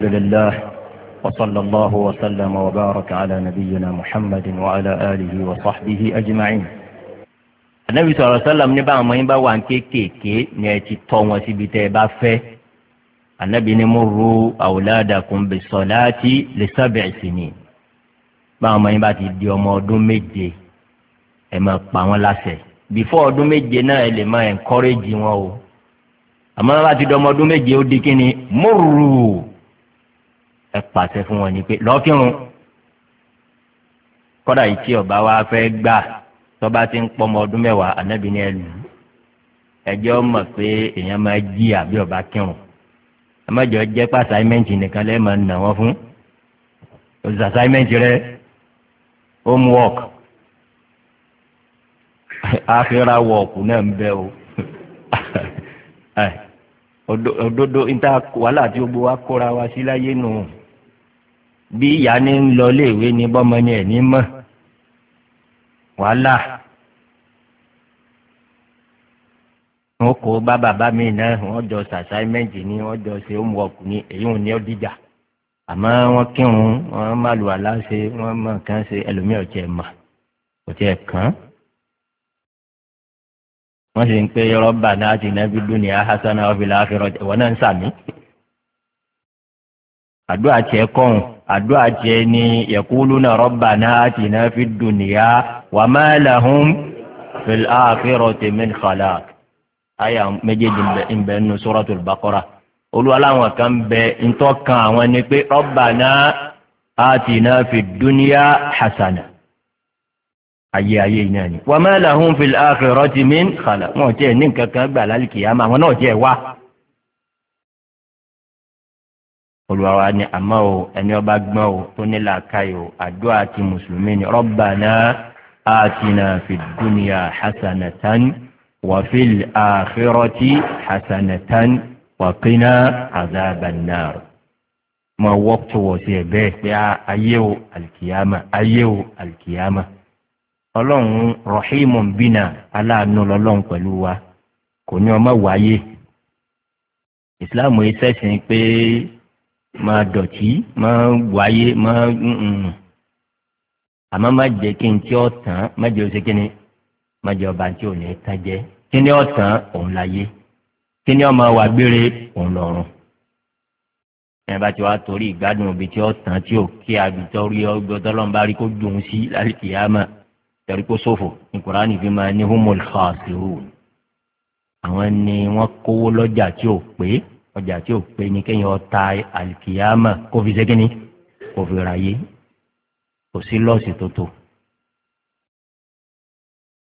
لله وصلى الله وسلم وبارك على نبينا محمد وعلى آله وصحبه أجمعين النبي صلى الله عليه وسلم ní báwọn ọmọ yín bá wà ń kéékèèké ni ẹ ti tọ́ wọn síbi tẹ́ ẹ bá fẹ́ anabi ni mo ru awuladakum bi sọláàtì lè sábẹ̀ sinin báwọn ọmọ yín bá ti di ọmọ ọdún méje ẹ máa pa wọn láṣẹ bífọ́ ọdún méje náà ẹ lè máa encourage wọn o àmọ́ bá ti di ọmọ ọdún méje ó di kí ni mo rù ú ẹ pàṣẹ fún wọn ni pé lọ́kírun kọ́dà yìí tí ọba wa fẹ́ gbà tọ́ba ti ń pọmọ ọdún mẹ́wàá ànábì ní ẹlù ẹjọ́ mọ̀ pé èèyàn máa jí àbí ọba kírun àmọ́jọ jẹ́ pé assignment nìkan lẹ́ẹ̀ máa nà wọ́n fún òṣìṣẹ́ assignment rẹ homework àfihàn work náà ń bẹ o òdodo níta wàhálà tí gbogbo wa kóra wa sí láyé nù. No bí ìyá ní ń lọ léèwé ní bọ́mọ ni ẹ̀ ní mọ̀ wàhálà wọn kò bá bàbá mi náà wọn jọ ṣe assignment ni wọn jọ ṣe homework ni èyí ò ní ọdíjà àmọ́ wọn kírun wọn má lu àlá wọn mọ nǹkan ṣe ẹlòmíràn ọ̀jẹ̀ mà ọ̀jẹ̀ kàn wọ́n sì ń pé rọ́bà náà ti náà fi dún ní ahásánà ọ̀fìlà ìwọ náà ń sàmì àdúrà tiẹ̀ kọ́hún àdúrà tiẹ̀ ní yẹ̀kúlú náà rọ́bà náà ti náà fi dùnìyà wà má làhùn fìlàfẹ́rọ̀ tèmín khalaq. àyà méjèèjì ń bẹ nínú sọ́rọ́tò ìbákọ́ra olúwa láwọn kan bẹ ntọ́ kan àwọn ni pé rọ́bà náà àti náà fi dùnìyà hasana ayé ayé iná ni wà má làhùn fìlàfẹ́rọ̀ tèmín khalaq. wọn ò ní nǹkan gbà lálẹ́ kìyàmá àwọn náà tiẹ̀ wá. olùwàwà ni àmọ́ o ẹni ọba gbọ́n o tó ní làákàyè o àdúrà àti mùsùlùmí ni rọ́bà náà àtìnà fìdúnìyà hasanatan wàfíìl àfẹ́rọ́tì hasanatan wàkínà àzàbànà mo work towards ẹ bẹ́ẹ̀ pé ah, ayé o alkiyama ayé o alkiyama ọlọ́run rọ̀hìmù bínà aláàánú lọ́lọ́run pẹ̀lú wa kò ní ọmọ wáyé ìsìláàmù yìí sẹ́sìn pé máa dọ̀tí máa wáyé máa àmọ́ má jẹ́ kí n tí ọ̀ tán má jẹ́ oṣù kínní má jẹ́ ọba tí ò ní tán jẹ́ kíní ọ̀ tán òun láyé kíní ọ̀ máa wà gbére òun lọ́rùn ẹ̀yìn bá ti wá torí ìgbádùn òbí tí ó tàn tí ó kí abitọ́rí ọgbọ́tọ́ lọ́n bá rí kó dùn sí lálùkì yámà tẹ̀rí kó sófò nkùránì fi máa ní humul khasiru àwọn ni wọ́n kówó lọ́jà tí ò pé ọjà tí ò pé ní kéèyàn ta àlìkìyàmà kó fi ṣégin ní kó fi ráyé kò sí lọ́ọ̀sì tó tó.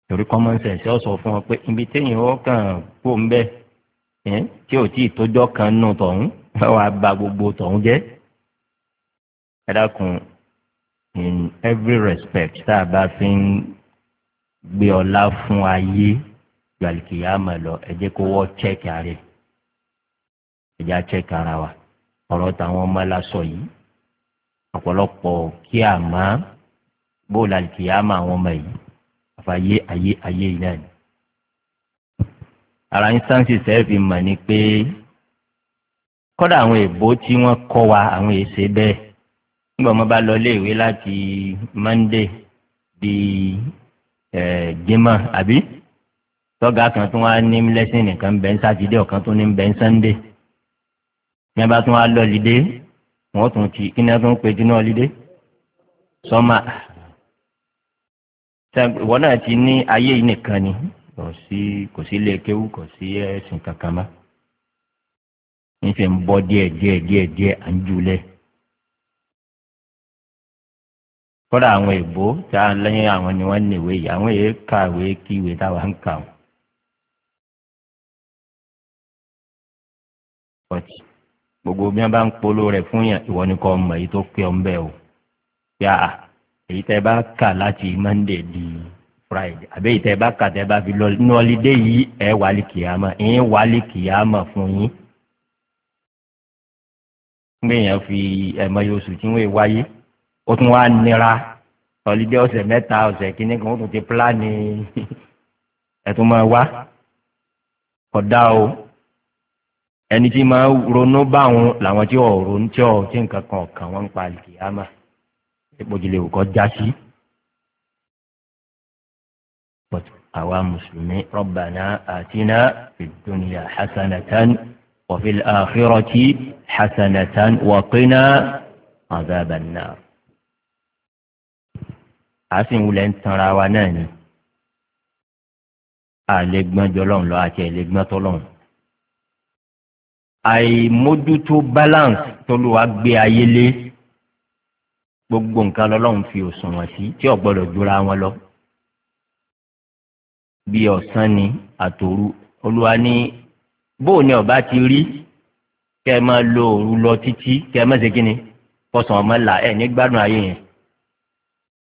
torí common sense ọ sọ fún ọ pé ibi téèyàn ó kàn kó ń bẹ tí ò tí ì tójọ́ kan nù tọ̀hún wàá ba gbogbo tọ̀hún jẹ́. ẹ dákun in every respect tá a bá fi ń gbé ọlá fún ayé gbàlìkìyàmà lọ ẹ jẹ́ kó wọ́ check ààrẹ ẹ̀já check ara wa ọ̀rọ̀ táwọn ọmọ la sọ yìí ọ̀pọ̀lọpọ̀ kí a má bó la kì í ama àwọn ọmọ yìí àfàyè ayé ayé yìí náà ni. ara instance sẹ́ẹ̀fì mọ̀ ni pé kọ́dà àwọn èbó tí wọ́n kọ́ wa àwọn èsè bẹ́ẹ̀ nígbà wọn bá lọ iléèwé láti monday di jimá àbí tọ́gà kan tí wọ́n á ní lẹ́sìn nìkan bẹ́ẹ̀ sátidé ọ̀kan tó ní bẹ́ẹ̀ sunday. ní abá tún wá lọ lídé wọ́n tún ti kí ni wọ́n tún pè jù náà lídé sọ́mà náà ti ní ayé yìí nìkan ni kò sí kò sí ilé kéwú kò sí kankan ń a lẹ́yìn àwọn ni wọ́n níwèé yìí àwọn kàwé táwa ń kà wọ́n. gbogbo bí wọn bá ń polo rẹ fún yàn ìwọ ni kò mọ èyí tó pé ọ ń bẹ o yà á èyí tẹ bá kà láti monday di friday àbẹ èyí tẹ bá kà tẹ bá fi nọlídé yìí ẹ wàlí kìámà ìyẹn wàlí kìámà fún yín gbẹ̀yàn fi ẹ̀mọ yosù tí wọ́n wáyé ó tún wá nira nọlídé ọ̀sẹ̀ mẹ́ta ọ̀sẹ̀ kínní kan ó tún ti pílánì ẹ̀ tún máa wá kọ̀dá o ẹni tí máa ronú báwọn làwọn tí ò ronú tí ò tí nǹkan kan ọ̀kan wọn ń pa àlìkìyàmà ìpòjìlẹ̀ òkò já sí. àwa mùsùlùmí rọ́bànà àtinà ìdúnìyà hasanatan wàfíl àkírọ̀tì hasanatan wàkínà àgàbànà. àsìnwulẹ̀ ń tanra wa náà ni. àlẹ́gbọ́n jọlọ́run lọ àti ẹ̀lẹ́gbọ́n tọ́lọ́run àìmójútó balance tolúwa gbé ayé lé gbogbo nǹkan lọ́lọ́run fi òsùn wọn sí tí ọ̀gbọ́dọ̀ jura wọn lọ bí ọ̀sán ni àtòru olúwa ní bóun ni ọba ti rí kẹ ẹ máa lo òru lọ títí kẹ ẹ má ṣe kí ni kọsàn ọmọ là ẹ ní gbádùn ayé yẹn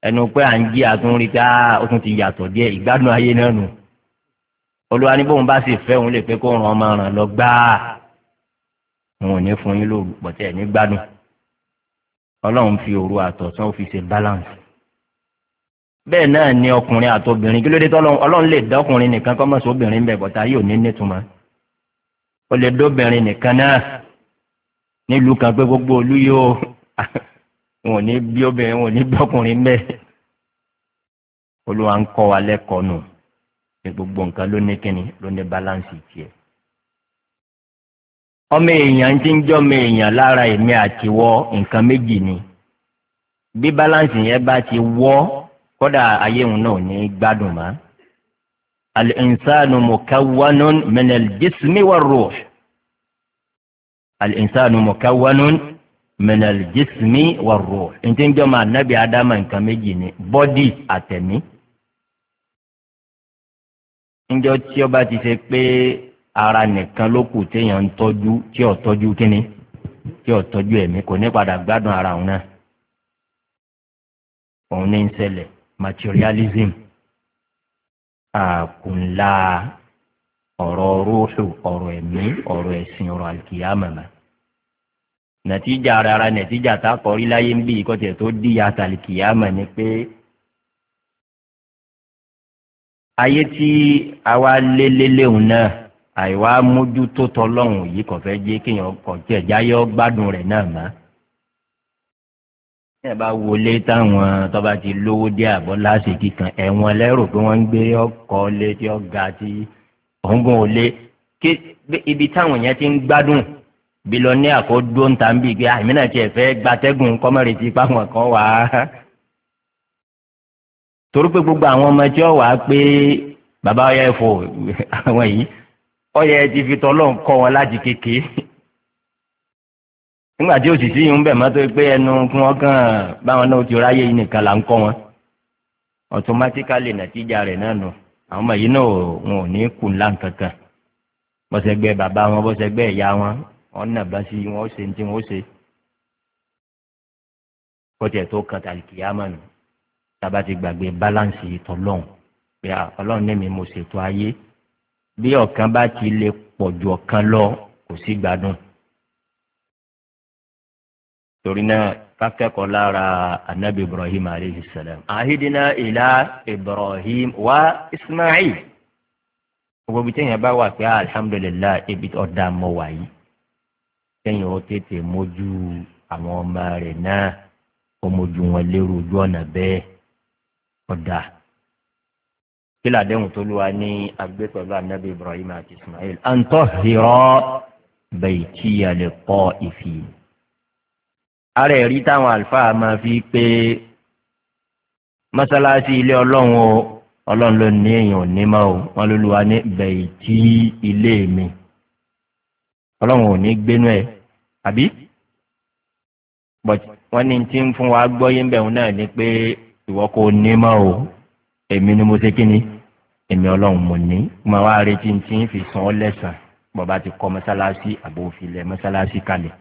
ẹnu pé à ń jí àtúnrí ká ó tún ti yàtọ̀ díẹ̀ ìgbádùn ayé náà nù olúwa ní bóun bá sì fẹ́ òun lè pé kó ràn ọmọ ràn lọ gbáà wọn ò ní fún yín lóru pọ̀tẹ́ ẹ̀ ní gbádùn ọlọ́run fi òru àtọ̀sán ó fi ṣe balance bẹ́ẹ̀ náà ni ọkùnrin àtobìnrin kí ló dé tọ́lọ́run ọlọ́run lè dá ọkùnrin nìkan kọ́ mọ̀sọ́ obìnrin bẹ̀ bọ̀tá yóò ní nítumọ̀ ó lè dóbìnrin nìkan náà nílùú kan pé gbogbo olú yóò wọn ò ní bí obìnrin wọn ò ní bí ọkùnrin bẹ́ẹ̀ olúwa ń kọ́ wa lẹ́kọ̀ọ́ nù pé gbogbo nǹkan ló ní kíni ló ní balance tiẹ̀ ọmọ èèyàn ti ń jọmọ èèyàn lára èmi àti nǹkan méjì ni bí balance yẹn bá ti wọ́ kódà ayé òun náà ní gbádùn mọ́ al-insanu mukawwanun min al-jismi war-ruh al-insanu mukawwanun min al-jismi war-ruh ntí ń jọmọ anabi adama nǹkan méjì ni bọ́dì àtẹ̀mí ńjọ tí ọba ti ṣe pé ara nìkan ló kù téèyàn ń tọ́jú tí ò tọ́jú kínní tí ò tọ́jú ẹ̀mí kò ní padà gbádùn ara òun náà òun ní ń ṣẹlẹ̀ materialism àkùnlá ọ̀rọ̀ rúṣù ọ̀rọ̀ ẹ̀mí ọ̀rọ̀ ẹ̀sìn ọ̀rọ̀ àlùkìyàmọ̀mọ̀ nàtíjà rárá nàtíjà tá a kọrí láyé ń bí ìkọ́tẹ̀ tó díya àtàlùkìyàmọ̀ ni pé ayé tí a wá lé lélẹ́hùn náà àìwá mójútó tọlọ́hún yìí kò fẹ́ jẹ́ kéèyàn kọ̀ jẹ́ jáyọ́ gbádùn rẹ̀ náà mọ́. ẹ bá wọlé táwọn tọ́ba ti lówó dé àbọ̀ lásìkò kan ẹ̀wọ̀n lẹ́rù pé wọ́n ń gbé ọkọ̀ lé tí ó ga tí òǹgùn ò lé ibi táwọn yẹn ti ń gbádùn bí lọ ní àkójọ ń ta ń àmì náà tiẹ̀ fẹ́ gbatẹ́gùn kọ́mọ̀rì ti páwọn kan wá. torí pé gbogbo àwọn ọmọ tí ó wàá pé bàbá ọyá ẹ̀fọ́ àwọn yìí ọyẹ ẹ ti fi tọ́lọ́run kọ́ wọn láti kékeré nígbà tí òṣìṣẹ́ yìí ń bẹ̀ mọ́tò pé ẹnu kí wọ́n kàn báwọn náà ti ráyè yìí nìkan là ń kọ́ wọn automatically nàtíjà rẹ̀ náà nù àwọn ọmọ yìí náà wọn ò ní kù ńlá kankan bọ́sẹ̀gbẹ́ bàbá wọn bọ́sẹ̀gbẹ́ ìyá wọn wọn nà bá sí wọn ó ṣe ní wọn ó ṣe kọjá tó kan tàlìkìyàmọ nù tába ti gbàgbé báláǹsì tọlọ́hún pé ọlọ́run bí ọ̀kan bá ti lè pọ̀ ju ọ̀kan lọ kò sí gbádùn. torí náà kákẹ́kọ̀ọ́ lára anabi ibrahim aleyhi salam. ahidina ila ibrahim wa ismail. gbogbo ibi téèyàn bá wà pé ah, alihamudulilayi ibi ọ̀dà mọ̀ wáyé. téèyàn ó tètè mójú àwọn ọmọ rẹ̀ náà ó mójú wọn lérò ojú ọ̀nà bẹ́ẹ̀ ọ̀dà kí làdéhùn tó lùwà ní agbé pẹ̀lú anabi ibrahim àti ismail àǹtọ́ hìrọ́ bẹ̀yì tí a lè kọ́ ìfì. ara ẹ̀rí táwọn àlùfáà máa fi pé mọ́sálásí ilé ọlọ́run o ọlọ́run ló ní èèyàn ò ní mọ́ o wọ́n ló lùwà ní bẹ̀yì tí ilé mi ọlọ́run ò ní gbénú ẹ̀ àbí wọ́n ní tí ń fún wa gbọ́yé ń bẹ̀rù náà ni pé ìwọ kò ní mọ́ o èmi ni mo ṣe kí ni èmi ọlọ́run mo ní mo wá retí tí ń fi san ọ́ lẹ́sàn bọ́ba ti kọ́ mọ́sálásí àbò mọ́sálásí kalẹ̀